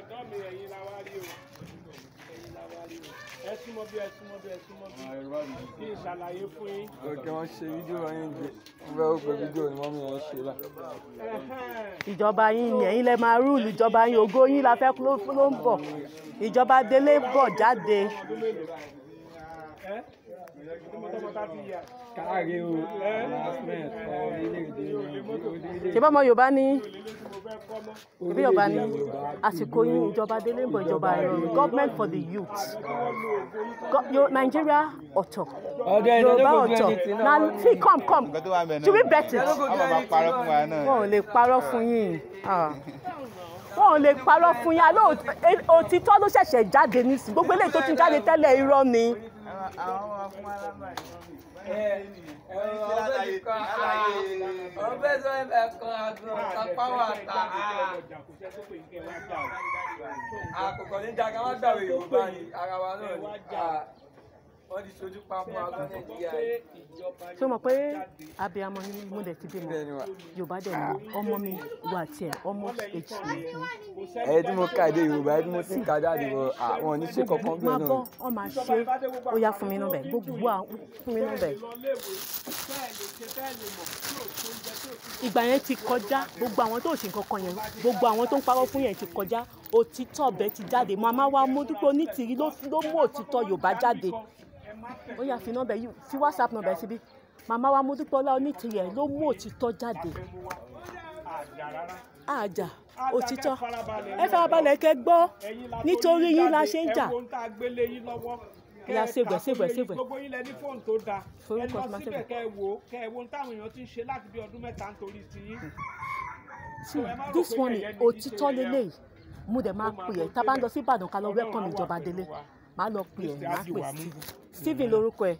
ọ̀dọ́ mi ẹ̀yin la wá rí o ẹ̀yin la wá rí o ẹ súnmọ́ bí ẹ súnmọ́ bí ẹ súnmọ́ bí ah, kí n ṣàlàyé fún yín. ọ̀gá wọn ṣe fídíò yín jẹ bẹ́ẹ̀ ó gbé fídíò ni wọ́n mú wọn ṣe là. ìjọba yín ni ẹ̀yin lẹ máa rúùlù ìjọba yín ògo yín la fẹ́ ló ń bọ̀ ìjọba délé bọ̀ jáde ṣe bá ọmọ yorùbá ní ìbí ọba ní àsìkò yín ìjọba délé ń bọ̀ ìjọba ìrọ̀rùn government for the youth Nigeria ọ̀tọ̀ Yorùbá ọ̀tọ̀ na see come come should we bet it wọn ò lè parọ́ fún yín ah. wọn ò lè parọ́ fún yín àlọ́ òtítọ́ ló ṣẹ̀ṣẹ̀ jáde nísìnyí gbogbo eléyìí tó ti jáde tẹ́lẹ̀ irọ́ ni àwọn ọkùn alábàáyé ọ̀bẹ kan ọ̀bẹ tó ń bẹ kan àdúrà kápá wà tà á. àkùkọ ní jaga má gbàwé yorùbá ni ara wa náà ni wọ́n ti sojú pamọ́ àgbà nàìjíríà yìí. ṣé o mọ̀ pé abiyamọ ni mo dẹ̀ ti bímọ yorùbá dẹ̀ ni ọmọ mi wà tiẹ̀ ọmọ èjì mi. ẹ tí mo ka èdè yorùbá ẹ tí mo ti ń ka jáde wọ àwọn oníṣe kankan bí ọ̀nà. máa bọ́ ọ máa ṣe ó yá fún mi nù bẹ́ẹ̀ gbogbo à fún mi nù bẹ́ẹ̀. ìgbà yẹn ti kọjá gbogbo àwọn tó ṣe nǹkan yẹn gbogbo àwọn tó ń parọ́ fún yẹn ti kọjá òtítọ́ ọ̀bẹ ti jáde màmá wa mo dúpẹ́ ló mú òtítọ́ yorùbá jáde ó yá fi nọ́mbẹ̀ yìí fi whatsapp nọ́mbẹ̀ síbí màmá wa Modúpẹ́ọlá Onítìyẹ ló mú òtítọ́ jáde àjà òtítọ́ ẹ farabalẹ̀ kẹ́ gbọ́ nítorí yín la ṣe ń jà ìyá ṣègbè ṣègbè ṣègbè. gbogbo yín lẹ ní fóònù tó da ẹ lọ síbẹ̀ kẹ́ ẹ wò ó kẹ́ wo táwọn èèyàn ti ń ṣe láti bí ọdún mẹ́ta nítorí tiyín. see this one òtítọ́ lélẹ́yìí mo dẹ̀ máa pè ẹ́ tá a bá ń lọ sí Ìbàdàn ká lọ wẹ́kọ̀mù ìjọba délé màá lọ pè ẹ́ màá pè Stephen lórúkọ ẹ̀